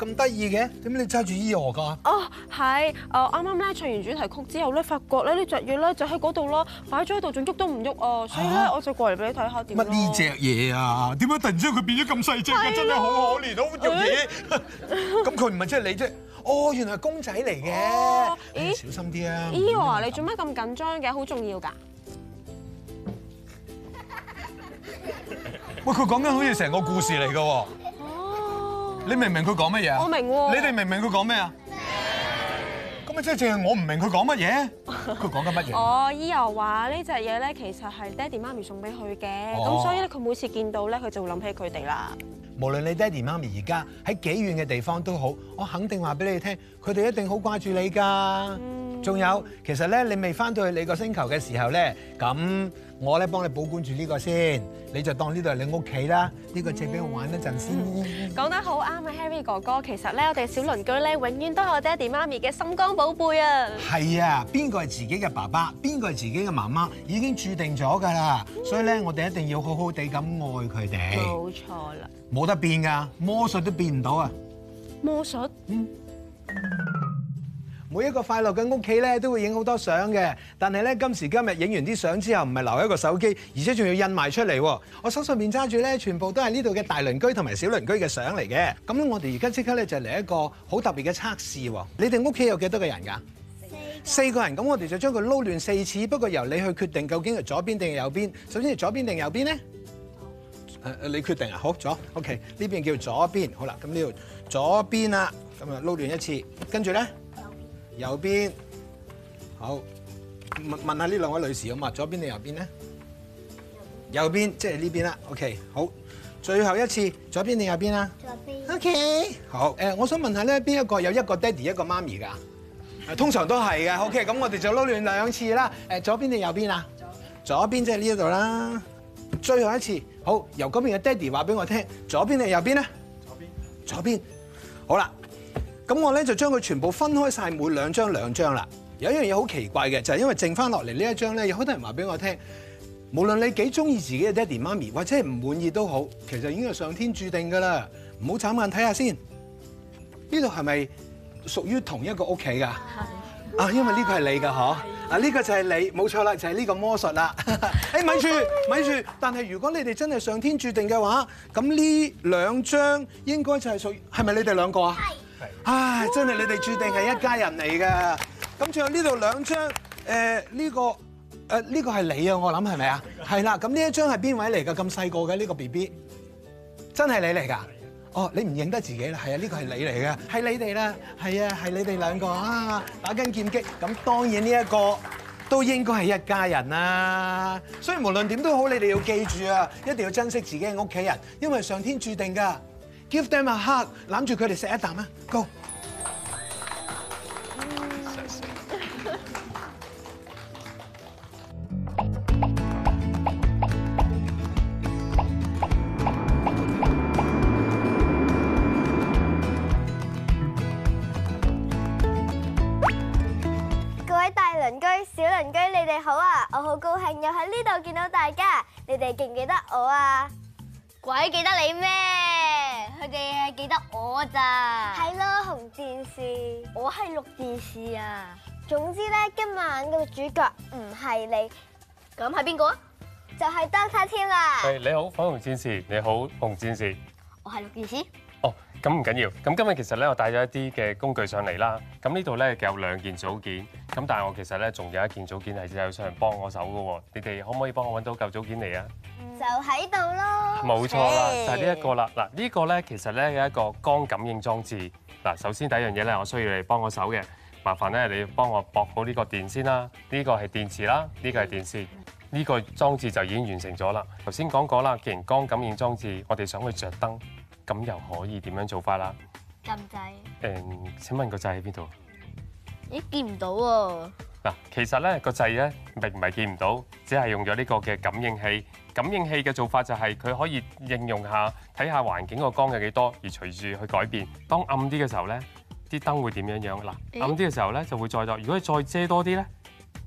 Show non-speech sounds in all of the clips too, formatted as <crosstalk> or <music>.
咁得意嘅，點解你揸住 Eo 噶？哦，係，誒啱啱咧唱完主題曲之後咧，發覺咧呢隻嘢咧就喺嗰度囉，擺咗喺度，仲喐都唔喐啊！所以咧，我就過嚟俾你睇下點樣。乜呢隻嘢啊？點解突然之間佢變咗咁細隻？真係好可憐，好容易。咁佢唔係即係你啫，哦，原來係公仔嚟嘅。小心啲啊！Eo 啊，你做乜咁緊張嘅？好重要噶！喂，佢講緊好似成個故事嚟嘅喎。你明唔明佢講乜嘢？我明喎、啊。你哋 <laughs> 明唔明佢講咩啊？咁咪即係淨係我唔明佢講乜嘢？佢講緊乜嘢？哦，伊又話呢隻嘢咧，其實係爹哋媽咪送俾佢嘅，咁、哦、所以咧佢每次見到咧，佢就會諗起佢哋啦。無論你爹哋媽咪而家喺幾遠嘅地方都好，我肯定話俾你聽，佢哋一定好掛住你㗎。仲、嗯、有，其實咧你未翻到去你個星球嘅時候咧，咁。我咧幫你保管住呢、這個先，你就當呢度係你屋企啦。呢、這個借俾我玩一陣先、嗯。講得好啱啊，Harry 哥哥，其實咧我哋小鄰居咧永遠都係我爹哋媽咪嘅心肝寶貝啊。係啊，邊個係自己嘅爸爸，邊個係自己嘅媽媽已經注定咗㗎啦。所以咧，我哋一定要好好地咁愛佢哋、嗯。冇錯啦，冇得變㗎，魔術都變唔到啊。魔術？嗯。每一個快樂嘅屋企咧，都會影好多相嘅。但係咧，今時今日影完啲相之後，唔係留一個手機，而且仲要印埋出嚟。我手上面揸住咧，全部都係呢度嘅大鄰居同埋小鄰居嘅相嚟嘅。咁我哋而家即刻咧就嚟一個好特別嘅測試。你哋屋企有幾多個人㗎？四四個人。咁我哋就將佢撈亂四次，不過由你去決定究竟係左邊定係右邊。首先係左邊定右邊咧？你決定啊！好左。OK，呢邊叫左邊。好啦，咁呢度左邊啦。咁啊撈亂一次，跟住咧。右邊，好，問問下呢兩位女士好嘛？左邊定右邊咧？右邊邊，即係呢邊啦。OK，好，最後一次，左邊定右邊啊？左邊邊。OK，好，誒，我想問下咧，邊一個有一個爹哋一個媽咪噶？ <laughs> 通常都係嘅。OK，咁我哋就撈亂兩次啦。誒，左邊定右邊啊？左邊。左邊即係呢一度啦。最後一次，好，由嗰邊嘅爹哋話俾我聽，左邊定右邊咧？左邊邊，左邊。好啦。咁我咧就將佢全部分開晒，每兩張兩張啦。有一樣嘢好奇怪嘅，就係、是、因為剩翻落嚟呢一張咧，有好多人話俾我聽。無論你幾中意自己嘅爹哋媽咪，或者係唔滿意都好，其實已經係上天注定噶啦。唔好眨眼睇下先，呢度係咪屬於同一個屋企噶？係的啊，因為呢個係你噶嗬。的啊，呢、這個就係你，冇錯啦，就係、是、呢個魔術啦。哎、 <laughs> 欸，咪住咪住，但係如果你哋真係上天注定嘅話，咁呢兩張應該就係屬於係咪你哋兩個啊？係。唉，真係你哋注定係一家人嚟嘅。咁仲哇有呢度兩張，誒呢個，誒呢個係你啊！我諗係咪啊？係啦，咁呢一張係邊位嚟㗎？咁細個嘅呢個 B B，真係你嚟㗎？的哦，你唔認得自己啦。係啊，呢個係你嚟嘅，係你哋啦，係啊，係你哋兩個啊，打緊劍擊。咁當然呢一個都應該係一家人啊。所以無論點都好，你哋要記住啊，一定要珍惜自己嘅屋企人，因為上天注定㗎。Give them a hug，攬住佢哋食一啖啊！Go。各位大鄰居、小鄰居，你哋好啊！我好高興又喺呢度見到大家，你哋記唔記得我啊？鬼記得你咩？佢哋係記得我咋，係咯，紅戰士，我係綠戰士啊。總之咧，今晚嘅主角唔係你，咁係邊個啊？就係當家天啦。喂，你好，粉紅戰士，你好，紅戰士，我係綠戰士。咁唔緊要，咁今日其實咧，我帶咗一啲嘅工具上嚟啦。咁呢度咧有兩件組件，咁但係我其實咧仲有一件組件係有上嚟幫我手嘅。你哋可唔可以幫我揾到嚿組件嚟啊？就喺度咯，冇錯啦，就係呢一個啦。嗱，呢個咧其實咧有一個光感應裝置。嗱，首先第一樣嘢咧，我需要你幫我手嘅，麻煩咧，你要幫我駁好呢個電先啦。呢個係電池啦，呢個係電線，呢個裝置就已經完成咗啦。頭先講過啦，既然光感應裝置，我哋想去著燈。咁又可以點樣做法啦？撳掣。誒，請問個掣喺邊度？咦，見唔到喎。嗱，其實咧個掣咧並唔係見唔到，只係用咗呢個嘅感應器。感應器嘅做法就係佢可以應用下睇下環境個光有幾多，而隨住去改變。當暗啲嘅時候咧，啲燈會點樣樣？嗱，暗啲嘅時候咧就會再多。如果你再遮多啲咧。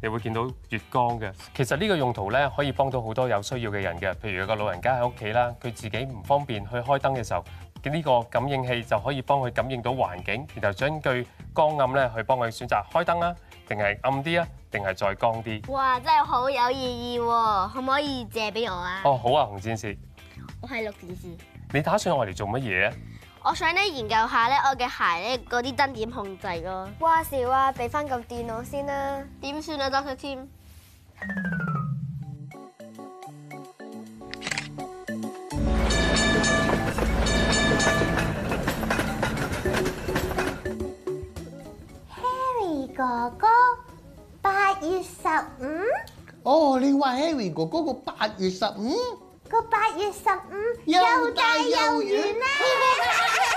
你會見到月光嘅。其實呢個用途咧，可以幫到好多有需要嘅人嘅。譬如個老人家喺屋企啦，佢自己唔方便去開燈嘅時候，呢個感應器就可以幫佢感應到環境，然後根據光暗咧去幫佢選擇開燈啦，定係暗啲啊，定係再光啲。哇，真係好有意義喎！可唔可以借俾我啊？哦，好啊，紅戰士。我係綠戰士。你打算我嚟做乜嘢啊？我想咧研究下咧我嘅鞋咧嗰啲燈點控制咯。話事話俾翻個電腦先啦。點算啊，多士添。啊啊、Harry 哥哥，八月十五。哦，你話 Harry 哥哥個八月十五。個八月十五又大又圓啊！ <laughs>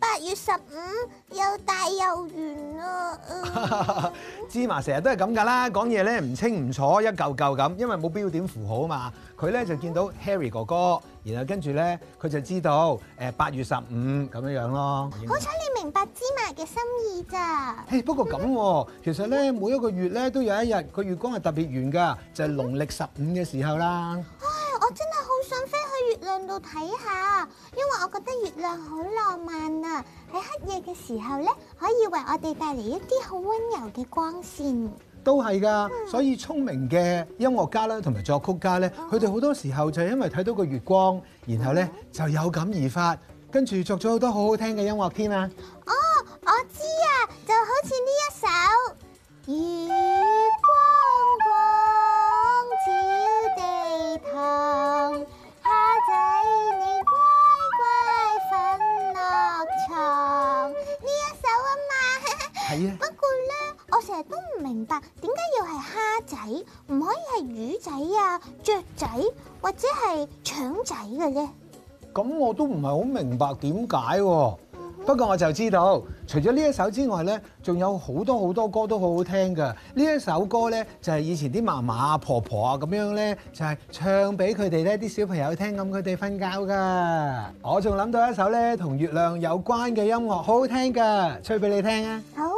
八月十五又大又圓啊！嗯、 <laughs> 芝麻成日都係咁噶啦，講嘢咧唔清唔楚，一嚿嚿咁，因為冇標點符號啊嘛。佢咧就見到 Harry 哥哥，然後跟住咧佢就知道誒八月十五咁樣樣咯。嗯、好彩你明白芝麻嘅心意咋？誒，不過咁，其實咧每一個月咧都有一日個月光係特別圓噶，就係農曆十五嘅時候啦。到睇下，因為我覺得月亮好浪漫啊。喺黑夜嘅時候呢，可以為我哋帶嚟一啲好溫柔嘅光線。都係㗎，所以聰明嘅音樂家啦，同埋作曲家呢，佢哋好多時候就係因為睇到個月光，然後呢，就有感而發，跟住作咗好多好好聽嘅音樂添啊。哦，我知啊，就好似呢一首月。明白點解要係蝦仔唔可以係魚仔啊、雀仔或者係腸仔嘅咧？咁我都唔係好明白點解喎。嗯、哼不過我就知道，除咗呢一首之外咧，仲有好多好多歌都好好聽㗎。呢一首歌咧就係、是、以前啲媽媽啊、婆婆啊咁樣咧，就係、是、唱俾佢哋咧啲小朋友聽，咁佢哋瞓覺噶。我仲諗到一首咧同月亮有關嘅音樂，好好聽㗎，吹俾你聽啊！好。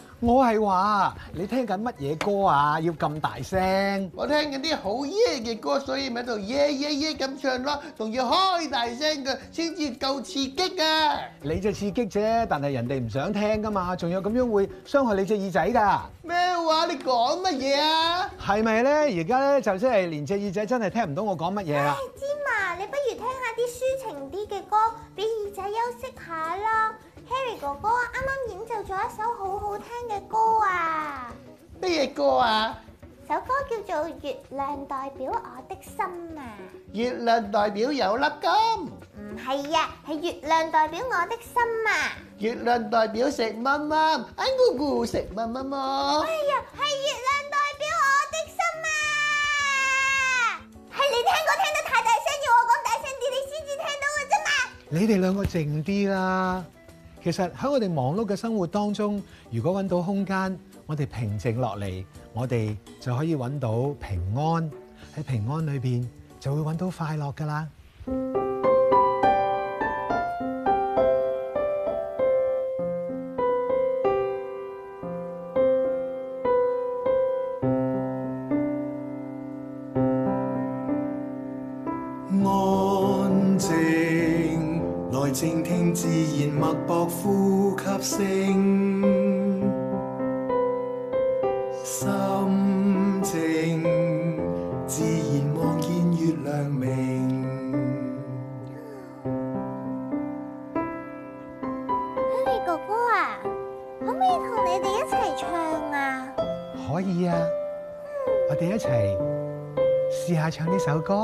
我係話你聽緊乜嘢歌啊？要咁大聲！我聽緊啲好耶嘅歌，所以咪喺度耶耶耶咁唱咯，仲要開大聲嘅先至夠刺激啊！你只刺激啫，但係人哋唔想聽噶嘛，仲有咁樣會傷害你隻耳仔㗎。咩話？你講乜嘢啊？係咪咧？而家咧就即係連隻耳仔真係聽唔到我講乜嘢啦！芝麻，你不如聽下啲抒情啲嘅歌，俾耳仔休息下啦。Harry 哥哥啱啱演奏咗一首好好聽嘅歌啊！咩歌啊？首歌叫做《月亮代表我的心》啊！月亮代表有粒金？唔係啊，係月亮代表我的心啊！月亮代表食乜乜？哎，姑姑食乜乜乜？哎呀，係月亮代表我的心啊！係你哋聽歌聽得太大聲，要我講大聲啲，你先至聽到嘅啫嘛！你哋兩個靜啲啦。其實喺我哋忙碌嘅生活當中，如果揾到空間，我哋平靜落嚟，我哋就可以揾到平安。喺平安裏邊，就會揾到快樂㗎啦。靜聽自然脈搏呼吸聲，心靜自然望見月亮明。Henry 哥哥啊，可唔可以同你哋一齊唱啊？可以啊，嗯、我哋一齊試下唱呢首歌。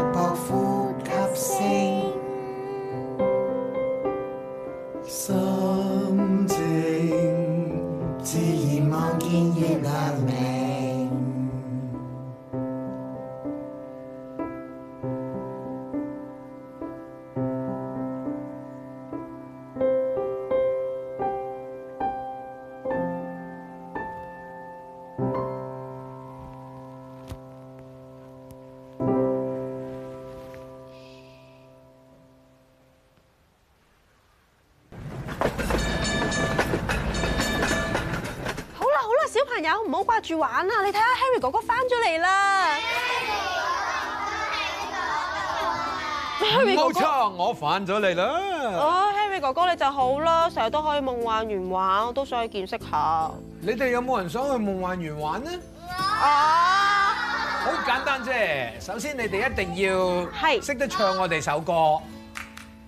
唔好掛住玩啦，哥哥 so 唱了你睇下、uh, Harry 哥哥翻咗嚟啦。Harry 冇錯，我返咗嚟啦。哦，Harry 哥哥你就好啦，成日都可以夢幻園玩，我都想去見識下。你哋有冇人想去夢幻園玩咧？啊！好簡單啫，首先你哋一定要識得唱我哋首歌，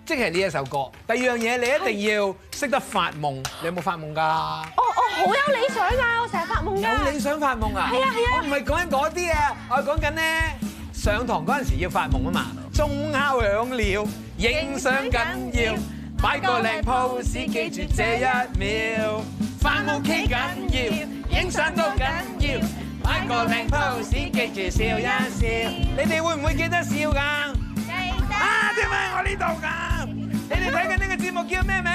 即係呢一首歌。第二樣嘢你一定要識得發夢，uh, 你有冇發夢㗎？好有理想啊！我成日發夢㗎。咁理想發夢啊？係啊係啊。我唔係講緊嗰啲啊，我係講緊咧上堂嗰陣時要發夢啊嘛。鐘敲響了，影相緊要，擺個靚 pose 記住這一秒，返屋企緊要，影相都緊要，擺個靚 pose 記住笑一笑。你哋會唔會記得笑㗎？記得啊！點解啊？我呢度㗎。你哋睇緊呢個節目叫咩名？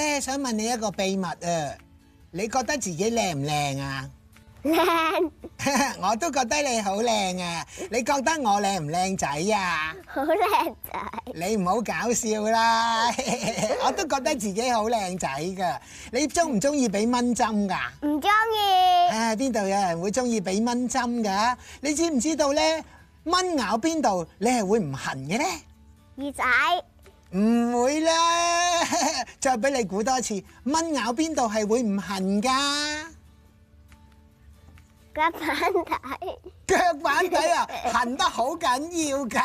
我想問你一個秘密啊！你覺得自己靚唔靚啊？靚，我都覺得你好靚啊！你覺得我靚唔靚仔啊？好靚仔！你唔好搞笑啦！我都覺得自己好靚仔噶。你中唔中意俾蚊針噶？唔中意。係邊度有人會中意俾蚊針噶？你知唔知道呢？蚊咬邊度你係會唔痕嘅呢？耳仔。唔會啦，再俾你估多次，蚊咬邊度係會唔痕噶？腳板底。腳板底啊，痕得好緊要噶，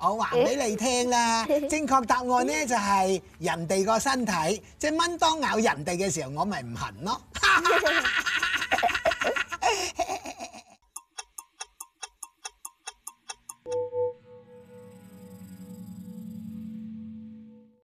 我話俾你聽啦，正確答案呢就係人哋個身體，隻蚊當咬人哋嘅時候，我咪唔痕咯。